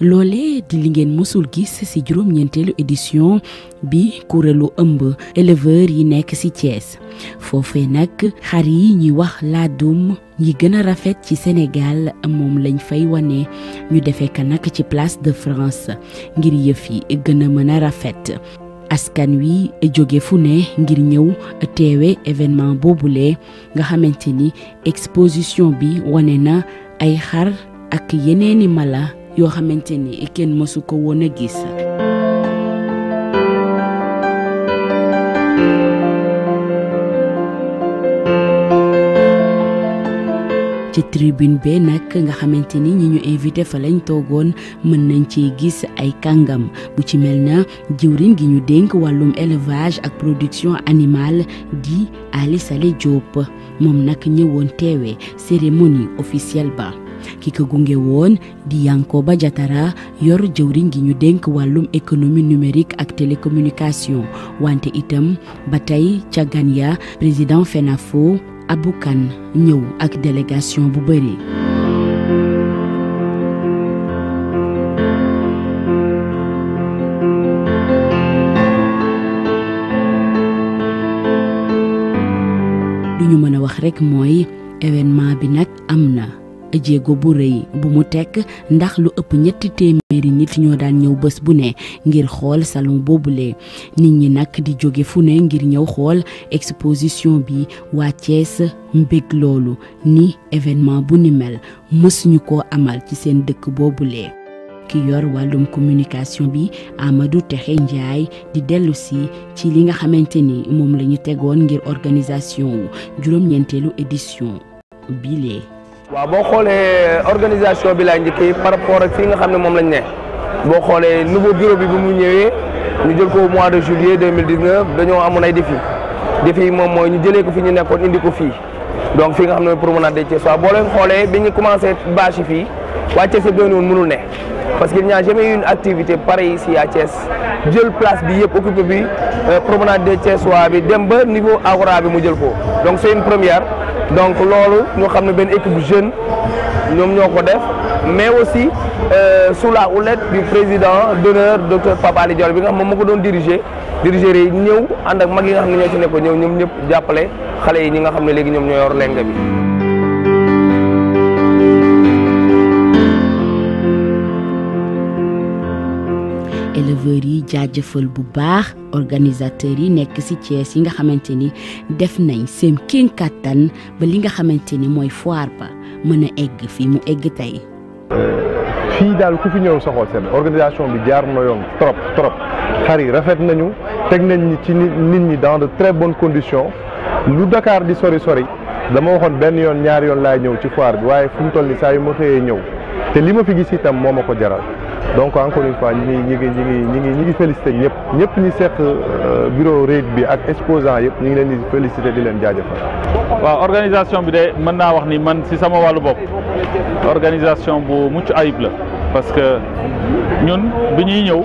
loolee di li ngeen mësul gis ci juróom-ñeenteelu édition bi kuréelu ëmb éleveur yi nekk ci Thiès foofe nag xar yi ñuy wax laadum yi gën a rafet ci Sénégal moom lañ fay wane ñu defee ka nag ci place de France ngir yëf yi gën a mën a rafet. askan wi jóge fu ne ngir ñëw teewe événement boobule nga xamante ni exposition bi wane na ay xar ak yeneeni mala yoo xamante ni kenn mësu ko woon a tribune be nag nga xamante ni ñi ñu invité fa lañ toogoon mën nañ ci gis ay kàngam bu ci mel na gi ñu dénk wàllum élevage ak production animale di Ali Saleh Diop moom nag ñëwoon teewee cérémonie officielle ba kikugungewon koba jatara yor jawrin ginyu deng denk wàllum ak wante item batai cagania presiden fenafo abukan nyu ak délégation bubere. rek événement bi amna jéego bu rëy bu mu tekk ndax lu ëpp ñetti téeméeri nit ñoo daan ñëw bés bu ne ngir xool salon boobule nit ñi nag di jóge fu ne ngir ñëw xool exposition bi waa Thiès mbég loolu ni événement bu ni mel mësuñu ko amal ci seen dëkk boobule. ki yor wàllum communication bi Amadou Texe Ndiaye di dellu si ci li nga xamante ni moom lañu tegoon ngir organisation wu juróom-ñeenteelu édition bilee wa boo xoolee euh, organisation bi laa njëkkee par rapport ak fii nga xam ne moom lañ ne boo xoolee nouveau bureau bi bu mu ñu jël ko mois de juillet 2019 dañoo amoon ay défi défi yi moom mooy ñu jëlee ko fi ñu nekkoon indi ko donc fii nga xam ne mooy promenade des Thiessois boo leen xoolee bi commencé bâche fii waa Thiès yëpp doon woon mënul ne parce qu'il n'y a jamais eu une activité pareille ici à Thiès jël place bi yëpp occupé bi euh, promenade des Thiessois bi dem ba niveau Agora bi mu jël ko donc c'est une première donc loolu ñu xam ne benn équipe jeune ñoom ñoo ko def mais aussi euh, sous la houlette du président d'honneur docteur Pape Ali Dior bi nga xam moom moo ko doon diriger diriger yi ñëw ànd ak mag yi nga xam ne ñoo si nekkoon ñëw ñoom ñëpp jàppale xale yi ñi nga xam ne léegi ñoom ñoo yor leng bi. éleveur yi jaajëfal bu baax organisateur yi nekk ci Thiès yi nga xamante ni def nañ seen kéem ba li nga xamante ni mooy foire ba mën a egg fii mu egg tey. fii daal ku fi ñëw soxool seen organisation bi jaar na yoon trop trop xar yi rafet nañu teg nañ ñi ci nit ñi dans de très bonnes conditions lu Dakar di sori sori dama waxoon benn yoon ñaari yoon laay ñëw ci foire bi waaye fu mu toll nii saa yu ma xëyee ñëw te li ma fi gis itam moo ma ko jaral donc encore une fois nous félicitons ñi ñi ñi ñi bureau bi exposant nous ngi organisation ni organisation bu parce que ñun nous sommes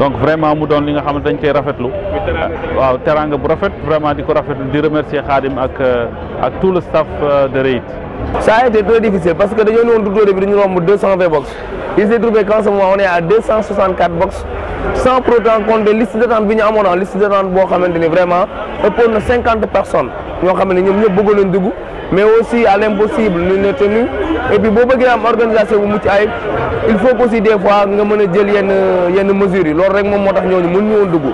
donc vraiment mu doon li nga xam ne dañ rafet rafetlu waaw teranga bu rafet vraiment di ko rafetlu di remercier Khadim ak euh, tout le staff euh, de Reit ça a été très difficile parce que dañoo ñëwoon tournée bi dañu romb deux box il s'est trouvé qu'en ce moment on est box sans pour autant compter liste d'attente bi ñu amoon liste d'attente boo xamante ni vraiment ëppoon na cinquante personnes ñoo xam ne ñoom ñëpp bëggoon nañ dugg mais aussi à l'impossible nul n'est tenu et puis boo bëggee am organisation bu mucc ayib il faut aussi des fois nga mën a jël yenn yenn mesures yi loolu rek moom moo tax ñooñu mën ñu woon dugg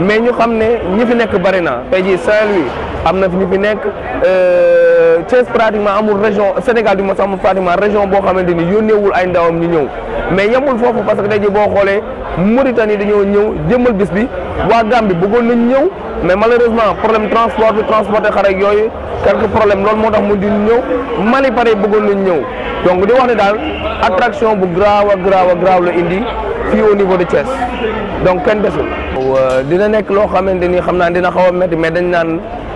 mais ñu xam ne ñi fi nekk bari na tey jii saint am na fi ñu fi nekk euh, Thiès pratiquement amul région Sénégal du mos amul pratiquement région boo xamante ni yónneewul ay ndawam ñu ñëw mais yemul foofu parce que tey jii boo xoolee Mauritanie dañoo ñëw jëmmal bis bi waa Gambie bëggoon nañ ñëw mais malheureusement problème transport bi transporté xare yooyu quelque problème loolu moo tax mu di ñëw Mali pare bëggoon nañ ñëw donc di wax ne daal attraction bu graaw a graaw a graaw la indi fii au niveau euh, nekk loo xamante ni xam naa dina xaw a métti mais dañ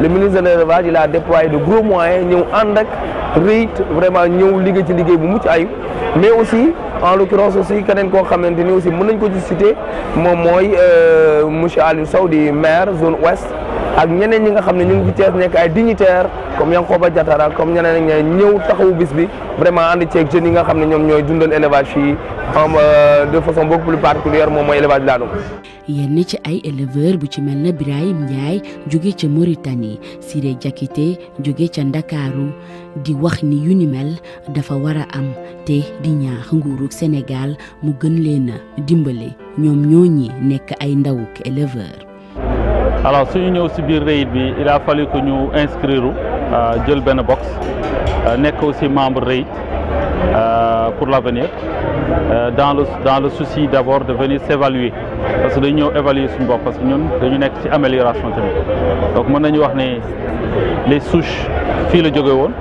le ministre de l'élevage il a déployé de gros moyens nous avons rite vraiment ñeu liggé ci liggé bu mais aussi en l'occurrence aussi keneen ko xamanteni aussi mën ko ci citer euh, monsieur maire zone ouest ak ñeneen ñi nga xamne ñu ngi fi nek ay dignitaire comme yang ko ba jattara comme ñeneen ñi ñew taxawu bis bi vraiment ci ak jeunes yi nga xamne ñom ñoy dundal élevage fi en euh, de façon beaucoup plus particulière mom moy élevage laadum. yenn ci ay éleveur bu ci melna ibrahim Birahim Ndiaye ci Mauritanie Siré jakité jóge ci Ndakaaru di wax ni yu ni mel dafa wara am té di ñaax nguuruk Sénégal mu gën leena dimbalé ñom ñoñi nek ay ndawuk éleveur. alors suñu ñëw si biir réyit bi il a fallu que ñu inscrire euh, jël Ben box euh, nekk aussi membre euh, pour l'avenir euh, dans le dans le souci d'abord de venir s'évaluer parce que dañu ñëw évaluer suñu bopp parce que ñun dañu nekk ci amélioration tamit donc mën nañu wax ne les souches fii la jóge woon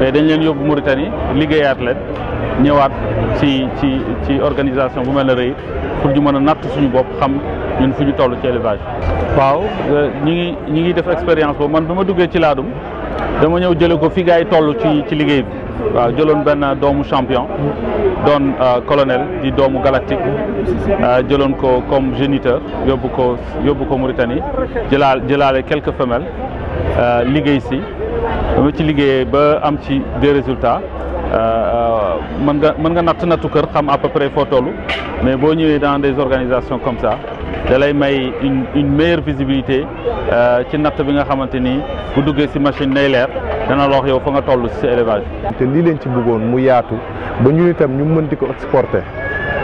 mais dañ leen yóbbu Mauritanie liggéeyaat leen ñëwaat ci ci ci organisation bu mel ne pour ñu mën a natt suñu bopp xam ñun fu ñu toll ci élevage. waaw euh, ñi ngi ñi ngi def expérience boobu man bi ma duggee ci laadum dama ñëw jële ko fi gars yi toll ci ci liggéey bi. waaw jëloon benn doomu champion doon euh, colonel di doomu galactique euh, jëloon ko comme géniteur yóbbu ko yóbbu ko Mauritanie jëlaal jëlaale quelques femelles liggéey si dama ci liggéeyee ba am ci des résultats mën nga mën nga natt nattu kër xam à peu près foo toll mais boo ñëwee dans des organisations comme ça da lay may une une meilleure visibilité euh, ci natt bi nga xamante ni bu duggee si machine nay leer dana loox yow fa nga toll si élevage te lii leen ci bëggoon mu yaatu ba ñun itam ñu mën di ko exporter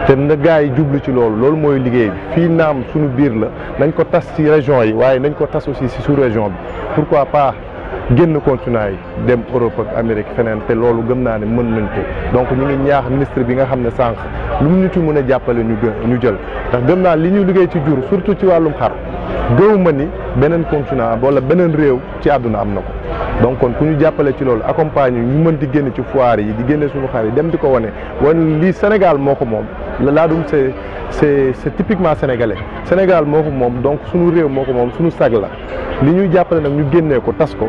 te na gaa yi jublu ci loolu loolu mooy liggéey bi fii naam suñu biir la nañ ko tas ci région yi waaye nañ ko tas aussi si su région bi pourquoi pas génn continent yi dem Europe ak Amérique feneen te loolu gëm naa ne mën nañ ko donc ñu ngi ñaax ministre bi nga xam ne sànq lu mu ñu ci mën a jàppale ñu gë ñu jël ndax gëm naa li ñu liggéey ci jur surtout ci wàllum xar gëw ma ni beneen continent wala beneen réew ci àdduna am na ko donc kon ku ñu jàppale ci loolu accompagne ñu mën di génn ci foire yi di génne suñu xar yi dem di ko wane wan lii Sénégal moo ko moom la laa dum see c'est c'est typiquement sénégalais Sénégal moo ko moom donc suñu réew moo ko moom suñu sag la li ñuy jàppale nag ñu génnee ko tas ko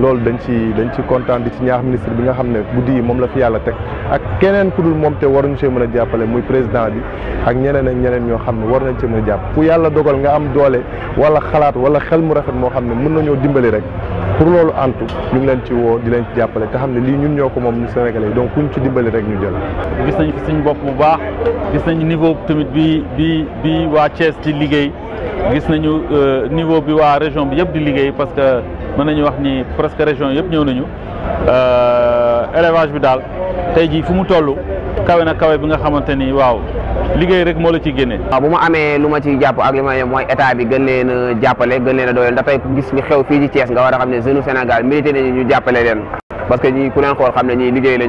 loolu dañ ci dañ ci kontaan di ci ñaax ministre bi nga xam ne guddi yi moom la fi yàlla teg ak keneen ku dul moom te war waruñu see mën a jàppale muy président bi ak ñeneen ak ñeneen ñoo xam ne war nañ see mën a jàpp fu yàlla dogal nga am doole wala xalaat wala xel mu rafet moo xam ne mun na ñoo dimbali rek pour loolu antu ñu ngi leen ci woo di leen jàppale te xam ne lii ñun ñoo ko moom ñu Sénégalais donc kuñ ci ñu jël gis nañ fi suñu bi bi bi waa Thiès di liggéey gis nañu euh, niveau bi waa région bi yëpp di liggéey parce que mën nañu wax ni presque région yëpp ñëw nañu euh, élevage bi daal tey jii fu mu toll kawe na kawe bi nga xamante ni waaw liggéey rek moo la ci génne. waaw ah, bu ma amee lu ma ci jàpp ak li ma mooy état bi gën leen a jàppale gën leen a dooleel ndax tey gis ñu xew fii ci Thiès nga war a xam ne jeune Sénégal mérité nañu ñu jàppale leen parce que ku leen xool xam ne ñii liggéey la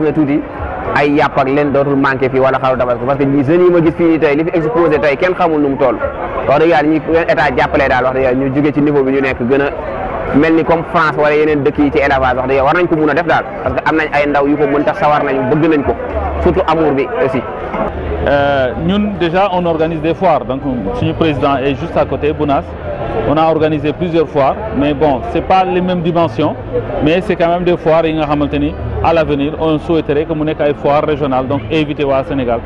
ñu ay yàpp ak leen dootul manqué fii wala xaru tabaski parce que jeunes yi ma gis fii nii tey li fi exposé tey kenn xamul nu mu toll wax dëgg yàlla ñu leen état jàppalee daal wax dëgg yàlla ñu jóge ci niveau bi ñu nekk gën a mel ni comme France wala yeneen dëkk yi ci élevage wax dëgg war nañ ko mun a def daal parce que am nañ ay ndaw yu ko mënta sawar nañu bëgg nañ ko surtout amour bi aussi. Euh, ñun déjà on organise des foires donc suñu président est juste à côté Bounas on a organisé plusieurs foires mais bon c'est pas les mêmes dimensions mais c'est quand même des foires yi nga xamante ni à l'avenir, on souhaiterait que mon ait foire régionale, donc au Sénégal.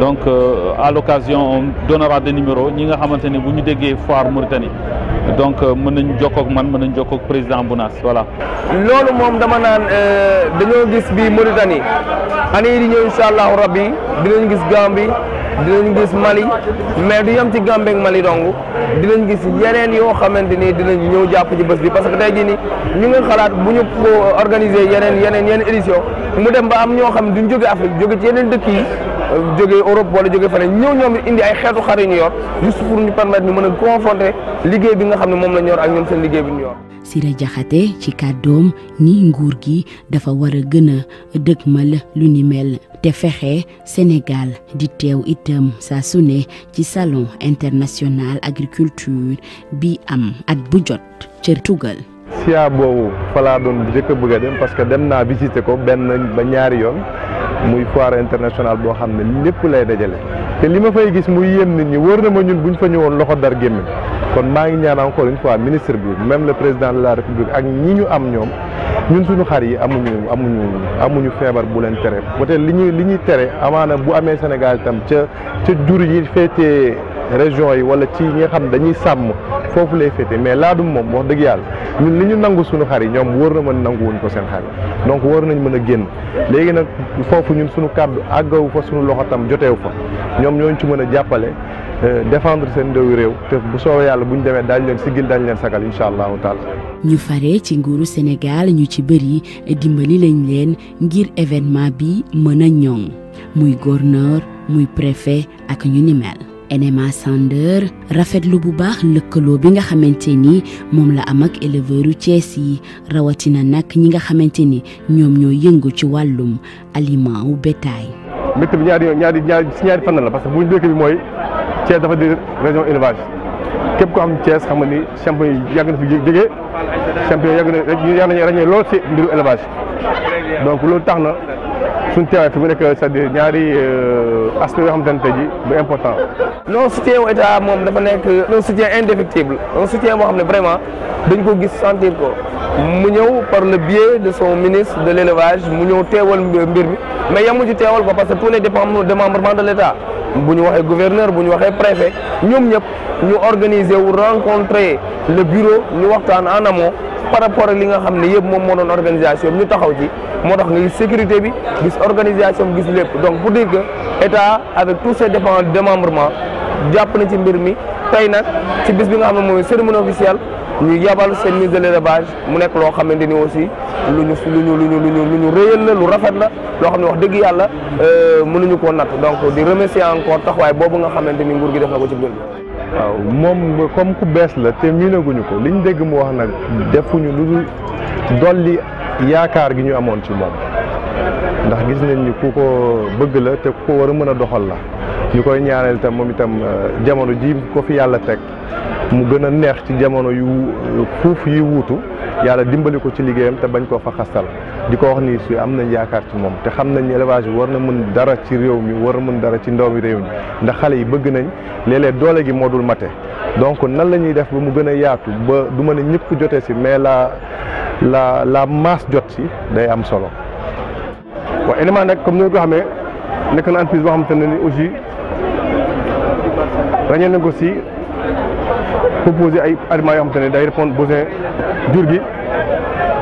Donc, euh, à l'occasion, on donnera des numéros. Nous avons des foire Mauritanie. donc euh, je président voilà. Euh, Mauritanie dinañ gis Mali mais du yem ci Gambie ak Mali dong dinañ gis yeneen yoo xamante ni dinañ ñëw jàpp ci bés bi parce que tey jii nii ñu ngi xalaat bu ñu ko organiser yeneen yeneen yeneen édition mu dem ba am ñoo xam duñ jóge Afrique jóge ci yeneen dëkk yi jóge Europe wala jóge feneen ñëw ñoom indi ay xeetu xar yu ñu yor juste pour ñu permettre ñu mën a confronter liggéey bi nga xam ne moom la ñor yor ak ñoom seen liggéey bi ñu yor. Sira Jaxate ci kàddoom ni nguur gi dafa war a gën a dëgmal lu ni mel te fexe Sénégal di teew itam saa su ne ci salon international agriculture bi am at bu jot ca Tugal. SIA boobu fa laa doon njëkk bëgg a dem parce que dem naa ko benn ba ñaari yoon muy foire internationale boo xam ne lay dajale. te li ma fay gis muy yéem nit ñi wóor na ma ñun buñ fa ñëwoon loxo dar gémmiñ kon maa ngi ñaan encore une fois ministre bi même le président de la république ak ñi ñu am ñoom ñun suñu xar yi amuñu amuñu amuñu feebar bu leen tere peut-être li ñuy li ñuy tere amaana bu amee Sénégal itam ca ca jur yi féetee région yi wala ci ñi nga xam dañuy sàmm foofu lay féete mais laadum moom wax dëgg yàlla ñun li ñu nangu suñu xar yi ñoom wër na mën nanguwuñ ko seen xar yi donc war nañ mën a génn léegi nag foofu ñun suñu kàddu àggawu fa suñu loxo tam joteewu fa ñoom ñooñ ci mën a jàppale euh, défendre seen ndawi réew te bu soobee yàlla bu ñu demee daañu leen sigil dañ leen sagal incha allahu taala ñu fare ci nguuru Sénégal ñu ci bëri dimbali lañ leen ngir événement bi mën a ñoŋ muy gouverneur muy préfet ak ñu ni mel NMA Sandeur rafetlu bu baax lëkkaloo bi nga xamante ni moom la am ak éleveurs yu Thiès yi rawatina nag ñi nga xamante ni ñoom ñoo yëngu ci wàllum aliment wu bétail. mbégte bi ñaari ñaari ñaari si ñaari fànn la parce que bu njëkk bi mooy Thiès dafa di région élevage képp ko xam ne Thiès xam nga ni champion yi yàgg na fi jógee champion yàgg na yàgg nañu ràññee lool si mbiru élevage loolu tax na. suñu terrain fi mu nekk cest dire ñaari euh, aspect yoo xamante ne bu important. non soutien état moom dafa nekk un soutien indéfectible un soutien boo xam ne vraiment dañ ko gis sentir ko mu ñëw par le biais de son ministre de l' élevage mu ñëw teewal mbir mi mais yamu ci teewal ko parce que tout les démembrements de l' état bu ñu waxee gouverneur bu ñu waxee préfet ñoom ñëpp ñu organiser wu rencontrer le bureau ñu waxtaan en amont. par rapport ak li nga xam ne yëpp moom moo doon organisation ñu taxaw ci moo tax nga gis sécurité bi gis organisation bi gis lépp donc pour dire que état avec tout ses dépendants démembrement jàpp na ci mbir mi tey nag ci bis bi nga xam ne mooy cérémonie officielle ñu yabal seen mise de l'élevage mu nekk loo xamante ni aussi lu ñu lu ñu lu ñu lu ñu réyal la lu rafet la loo xam ne wax dëgg yàlla euh, mënuñu koo natt donc di remercier encore taxawaay boobu nga xamante ni nguur gi def na ko waaw moom comme ku bees la te miinaguñu ko liñ dégg mu wax nag defuñu lu dul dolli yaakaar gi ñu amoon ci moom ndax gis nañ ni ku ko bëgg la te ku ko war a mën a doxal la ñu koy ñaanal itam moom itam euh, jamono jii ko fi yàlla teg mu gën a neex ci jamono yu fuuf yi wuutu yàlla dimbali ko ci liggéeyam te bañ koo fa xastal di ko wax ni si am nañ yaakaar ci moom te xam nañ élevage war na mën dara ci réew mi war a mën dara ci ndaw mi réew mi xale yi bëgg nañ léeg doole gi moo dul mate donc nan la ñuy def ba mu gën a yaatu ba du ma ne ñëpp jotee si mais la la la masse jot si day am solo. waaw élément nag nekk na entreprise boo xamante ne ni aussi ràññee ko si. proposer ay aliments yoo xamante ne day répondre besoin jur gi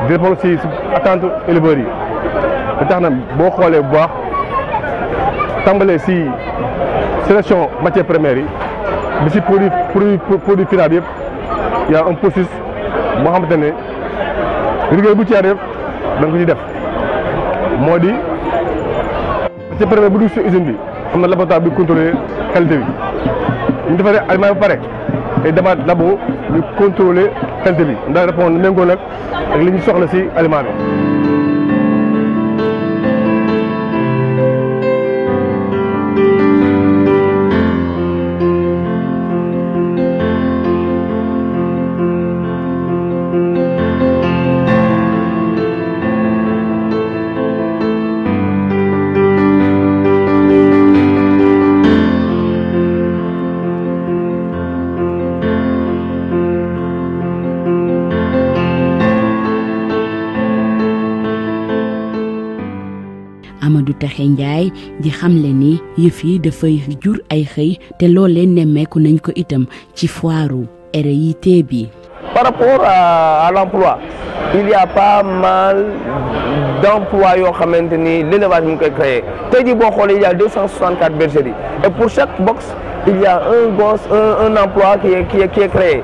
di répondre si attente éleveurs yi ba tax na boo xoolee bu baax tàmbalee si sélection matière première yi bi si produit produit produit final yëpp y a un processus boo xamante ne rigueur bu ci yëpp da nga ko ci def moo di matière première bu dugg si usine bi am na laboratoire bi contrôler qualité bi ñu defaree aliment ba pare. day demaat labo ñu contrôler qualité bi ndax répondre méngoo nag ak li ñu soxla si aliment bi Amadou Taxé Ndiaye di xamle ni yëf yi dafay jur ay xëy te loolee nemmeeku nañ ko itam ci foiru RIT bi. Par rapport à, à l'emploi, il y a pas mal d'emplois yoo xamante ni l'élevage mu ngi koy créer tey jii boo xoolee il y a 264 bergeries et pour chaque box il y a un gosse un, un emploi qui est, qui est, qui est créé.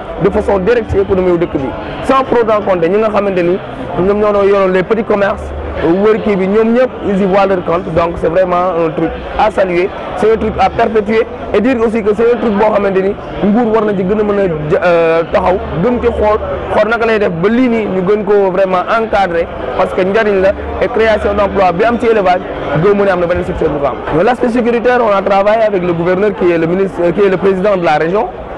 de façon directe économique économie ou dëkk bi sans en compte nous avons xamante ni les petits commerces ils y voient leur compte donc c'est vraiment un truc à saluer c'est un truc à perpétuer et dire aussi que c'est un truc bon. à nous. Nous war vraiment encadrer parce que nous avons une création d'emplois bien bi am ci élevage gëm am na secteur sécuritaire on a travaillé avec le gouverneur qui est le ministre euh, qui est le président de la région.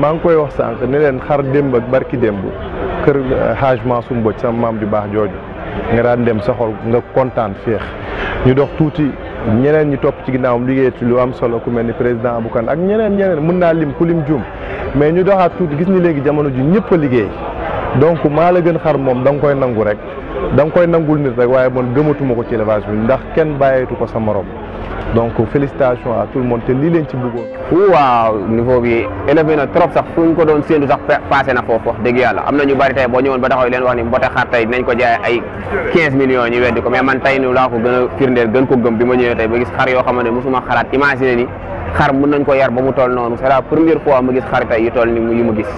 maa ngi koy wax sànq ne leen xar démb ak barki démb kër euh, Hadj Mansour Mbodj sama maam ju baax jooju nga daan dem sa xol nga kontaan féex ñu dox tuuti ñeneen ñi topp ci ginnaawam liggéey ci lu am solo ku mel ni président Aboukane ak ñeneen ñeneen mun naa lim ku lim juum mais ñu doxaat tuuti gis ni léegi jamono ji ñëpp a liggéey donc maa la gën xar moom da koy nangu rek. da koy nangul nit rek waye man gëmatuma ko ci élevage bi ndax kenn bàyyeetu ko sa morom donc félicitations à tout le monde té li leen ci bëggoon waaw niveau bi élevé na trop sax fuñ ko doon séentu sax passé na fofu wax dëgg yalla amna ñu bari tay bo ñëwon ba taxaw leen wax ni mbote xar tay nañ ko jaay ay 15 millions ñu weddi ko mais man tay ñu la ko gëna firndel gën ko gëm bima ñëwé tay ba gis xar yo xamante musuma xalaat imaginer ni xar mën nañ ko yar ba mu toll noonu c'est la première fois ma gis xar tay yu toll ni yu ma gis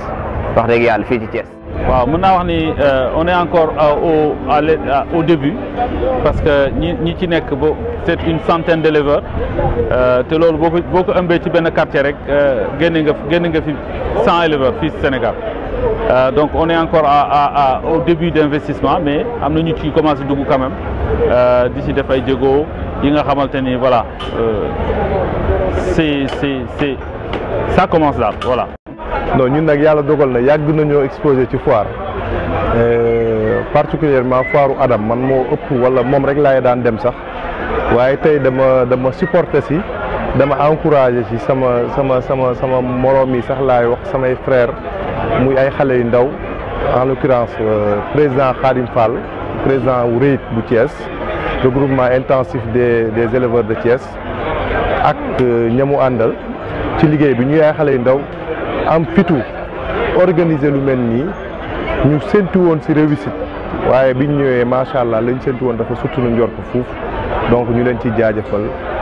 wax dëgg yalla fi ci Thiès waaw mën wax ni euh, on est encore euh, au euh, au début parce que ni ni ci c'est une centaine d'éleveurs Euh, loolu beaucoup un petit peu de ci benn quartier rek génne nga génne nga fi cent éleveurs fils Sénégal donc on est encore à au début d'investissement mais am na ñu ci commencé dugg quand même di ci def ay jéego yi nga xamante ni voilà c'est c'est c'est ça commence là voilà non ñun nag yalla dogal na yàgg nañoo exposé ci foire euh, particulièrement foiru Adam man mo ëpp wala mom rek laay daan dem sax Waye tay dama dama supporter ci dama encourager ci sama sama sama sama moroom yi sax laay wax samay frère muy ay xalé yu ndaw en l'occurrence euh, président Karim Fall président wu REIT bu Thiès groupement intensif des des éleveurs de Thiès ak euh, ñamu andal ci liguey bi ñu ay xalé yu ndaw am fitu organiser lu mel nii ñu séntu woon si réussite waaye ñu ñëwee macha allah lañ séntu woon dafa suttu na ko fuuf donc ñu leen ci jaajëfal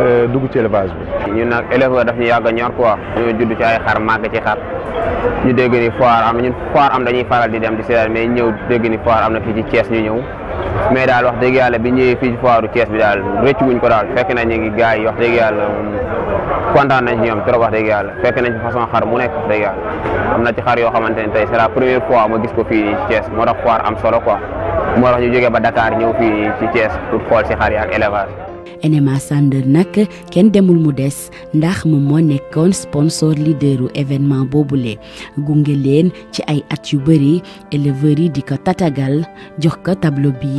Euh, dugg ci élevage bi. ñun nag éleveur daf ñu yàgg a ñor quoi ñoo judd ci xar màgg ci xar ñu dégg ni foire am ñun foire am di dem di seetaan mais ñëw dégg na fii ci Thiès ñu ñëw mais daal wax dëgg yàlla bi ñëwee fii ci foiru Thiès bi daal rëcc wuñ ko daal fekk na ñu ngi gars yi wax dëgg kontaan nañ ci ñoom trop wax dëgg yàlla fekk nañ façon xar mu nekk wax dëgg yàlla am na ci xar yoo xamante tey c'est la première fois ma gis ko fii ci Thiès moo tax foire am solo quoi moo tax ñu jógee ba Dakar NMA Sanders nag kenn demul mu des ndax mu moo nekkoon sponsor leaderu événement boobule gunge leen ci ay at yu bëri éleveurs yi di ko tatagal jox ko tablo bi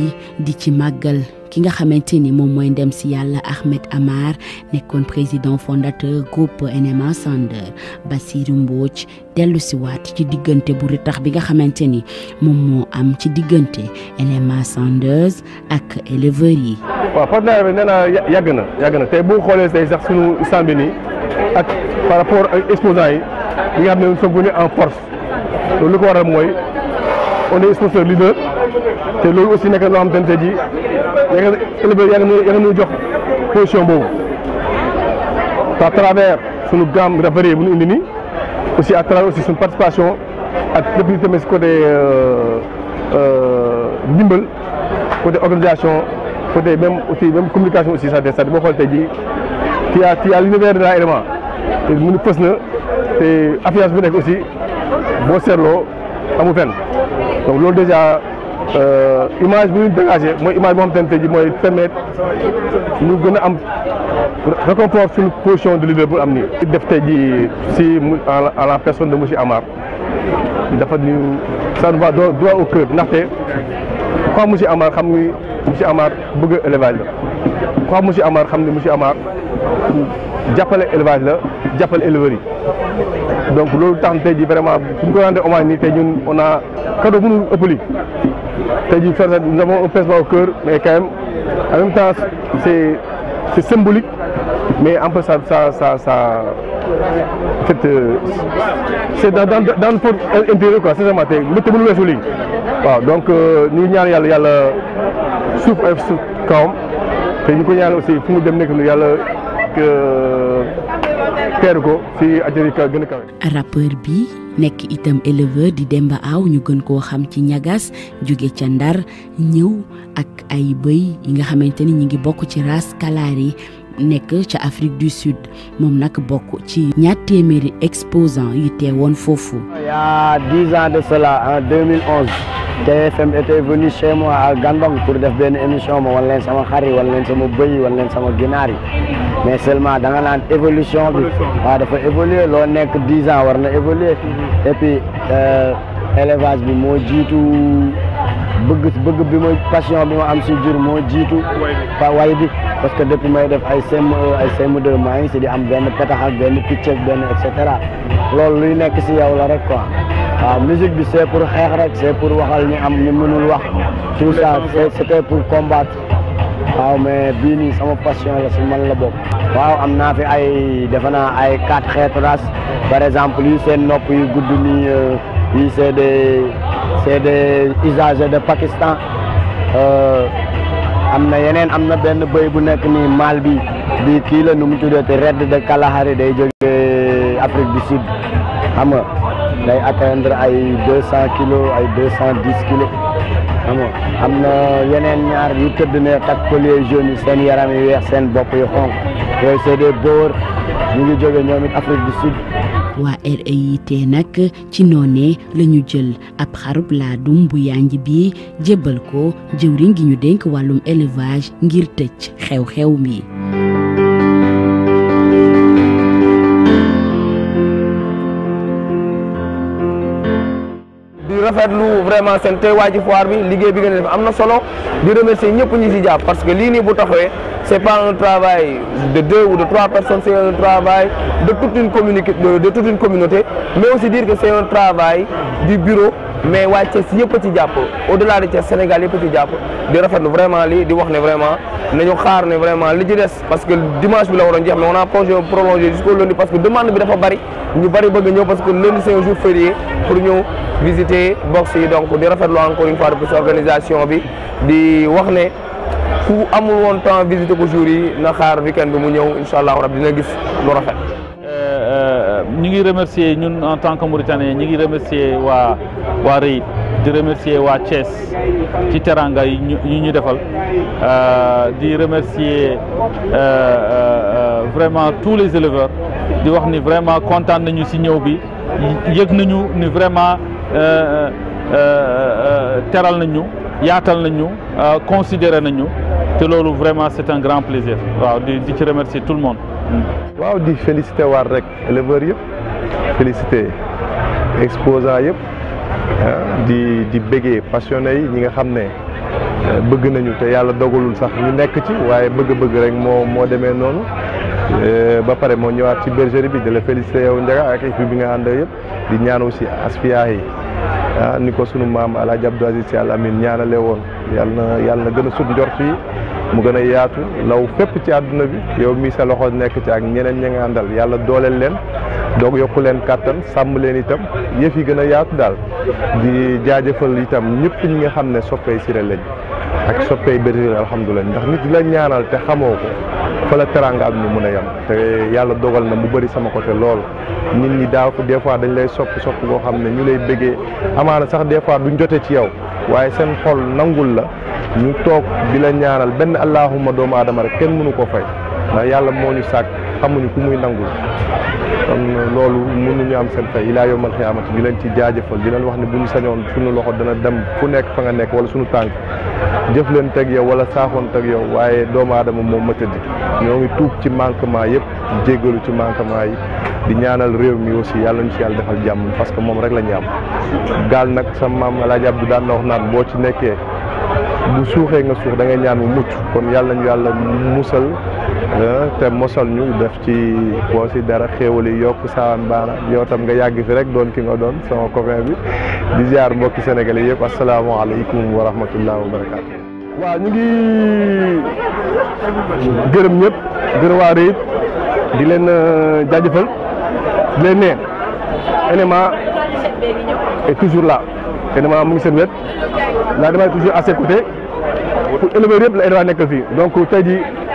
di ci màggal ki nga xamante ni moom mooy ndem si yàlla Ahmed Amar nekkoon président fondateur groupe NMA Sanders Bassirou Mbodj dellu si waat ci diggante bu ritax bi nga xamante ni moom moo am ci diggante NMA Sanders ak éleveurs yi. waaw partenaire bi nee naa yàgg na yàgg na tey bu xoolee tey sax sunu sàmm nii ak par rapport ak exposants yi bi nga xam ne nous sommes venus en force loolu li ko waral mooy on est sponsor leader te loolu aussi nekk na loo xamante ne ji à travers une gamme aussi à travers aussi participation à des euh, euh, côté organisation côté même aussi même communication aussi ça des l'univers de la et nous et aussi donc l'eau déjà. Euh, image bu ñu dégagé mooy image boo xam te ne mooy permettre ñu gën a am réconfort suñu position de leader bu am nii. def tey jii si à la personne de monsieur Amar dafa ñu ça nous va droit au xam ni monsieur Amar bëgg élevage la quoi monsieur Amar xam ni monsieur Amar jàppale élevage la jàppale éleveurs yi donc loolu tax na tey jii vraiment bu ñu ko rendee hommage nii tey ñun on a cadeau ëpp lii nous avons un au cœur mais quand même en même temps c'est symbolique mais un peu ça ça en euh, c'est dans dans dans intérieur quoi c'est je mais donc nous, euh, ñaan le souffle aussi teeru ko si ajëri gën a kawe rappeur bi nekk itam éleveur di Demba Aw ñu gën koo xam ci ñagas jóge ca Ndar ñëw ak ay bëy yi nga xamante ni ñu ngi bokk ci race nekk ca Afrique du Sud moom nag bokk ci ñaar téeméeri exposant yu teewoon foofu il y a de cela en te était venu chez moi à Gandon pour def benn émission ma wan leen sama xar yi wan leen sama bëy yi wan sama ginaar yi mais seulement da nga naan évolution bi waaw dafa évoluer loo nekk dix ans war na évoluer mhm. et puis euh, élevage bi moo jiitu bëgg bëgg bi ma passion bi am si jur moo jiitu pa way bi parce que depuis may def ay CM1 ay CM2 maa ngi si di am benn petax ak benn picc ak benn et cetera luy nekk la rek quoi musique bi c'est pour xeex rek c'est pour waxal ñi am ñi mënul wax tout ça c'était pour combattre waaw mais bii nii sama passion la si man la bokk waaw am naa fi ay defe naa ay quatre xeetu race par exemple yi seen nopp yu gudd nii euh, yi c'est des c'est des usagers de Pakistan euh, am na yeneen am na benn bëy bu nekk nii mal bi bi kii la nu mu tuddati red de Kalahari day jógee Afrique du Sud xam nga day ay deux cent kilos ay deux cent dix kilos xam am na yeneen ñaar yu tëdd ne takk collier jaune yi seen yaram yu weex seen bopp yu xonq yooyu c'est des boor ñu ngi jóge ñoom it Afrique du Sud waa REIT nag ci noonee la ñu jël ab xarub laadum bu yanj bi jébbal ko jëwriñ gi ñu dénk wàllum élevage ngir tëj xew-xew mi rafetlu vraiment seen teewaay ci foire bi liggéey bi ngeen def am solo di remercier ñepp ñi ci japp parce que li ni bu taxawee c'est pas un travail de deux ou de trois personnes c'est un travail de toute une communauté de toute une communauté mais aussi dire que c'est un travail du bureau mais waa Thiès si petit ci japp au-delà de Thiès Sénégal yëpp ci japp di rafetlu vraiment li di wax né vraiment nañu xaar né vraiment li ci dess parce que dimanche bi la waron jeex mais on a projet prolongé jusqu'au lundi parce que demande bi dafa bari ñu bari bëgg ñëw parce que lundi c'est un jour férié pour ñëw visiter box donc di rafetlu encore une fois pour organisation bi di wax pour amul temps visiter ko jour yi na xaar weekend bi mu remercier ñun en tant que Mauritanien ngi remercier wa di remercier wa Thiès ci teranga yi ñu euh, remercier euh, euh, vraiment tous les éleveurs di wax ni vraiment content nañu si bi yegg nañu ni vraiment. Euh, euh, euh, teral nañ ñu yaatal nañu ñu considéré nañ ñu te vraiment c'est un grand plaisir waaw di di ci remercier tout le monde. Mm. waaw di féliciter waat rek éleveurs yëpp féliciter exposants yëpp ah, di di bëggee passionné yi ñi nga xam ne bëgg nañu te yàlla dogalul sax ñu nekk ci waaye bëgg-bëgg rek moo moo demee noonu. ba pare moo ñëwaat ci bergerie bi di la féliciter yow Ndiaga ak équipe bi nga ànd yëpp di ñaan aussi yi ni ko sunu maam El Hadj Abdou Aziz ci yàlla amin ñaanale woon yàlla na yàlla na gën a sut njort yi mu gën a yaatu law fépp ci àdduna bi yow mii sa loxo nekk ci ak ñeneen ña nga àndal yàlla dooleel leen doog yokku leen kàttan sàmm leen itam yëf yi gën a yaatu daal di jaajëfal itam ñëpp ñi nga xam ne soppee Siré lañ ak soppee bergerie alhamdulilah ndax nit la ñaanal te xamoo ko fala la teranga am ñu mën a yem te yàlla dogal na mu bëri sama côté lool nit ñi daaw des fois dañ lay sopp sopp koo xam ne ñu lay bëggee amaana sax des fois duñ jote ci yow waaye seen xol nangul la ñu toog di la ñaanal benn allahuma doomu aadama rek kenn mënu ko fay ndax yàlla moo ñu sàkk xamuñu ku muy nangul kon loolu mënuñu am seen fay ilaa yombal xiyaamati di leen ci jaajëfal di leen wax ne bu ñu sañoon suñu loxo dana dem fu nekk fa nga nekk wala suñu tànk jëf leen teg yow wala saaxoon teg yow waaye doomu aadama moom ma tëddi ñoo ngi tuub ci manquement yëpp jéggalu ci manquement yi di ñaanal réew mi aussi yàlla ñu si yàlla defal jàmm parce que moom rek la ñu am gaal nag sa maam El Hadj Abdou daan na wax naan boo ci nekkee bu suuxee nga suux da ngay ñaan mu mucc kon yàlla ñu yàlla musal te mosal ñu def ci boo si dara xéewal yokk sawan baara yow nga yàgg fi rek doon ki nga doon sama copain bi di ziar mbokki sénégalais yëpp asalaamaaleykum wa rahmatullah wa barakaatu. ñu ngi gërëm ñëpp gërëm waa REIT di leen euh, jaajëfal di leen ne NMA est toujours là NMA mu ngi seen la NMA est toujours à ses côtés pour nekk fii donc tey jii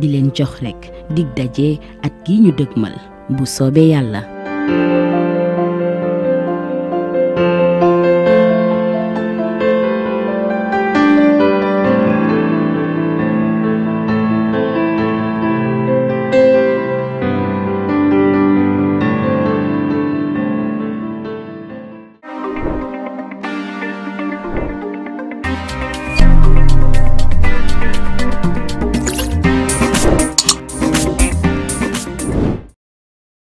di leen jox rekk dig daje at gi ñu dëgmal bu soobee yàlla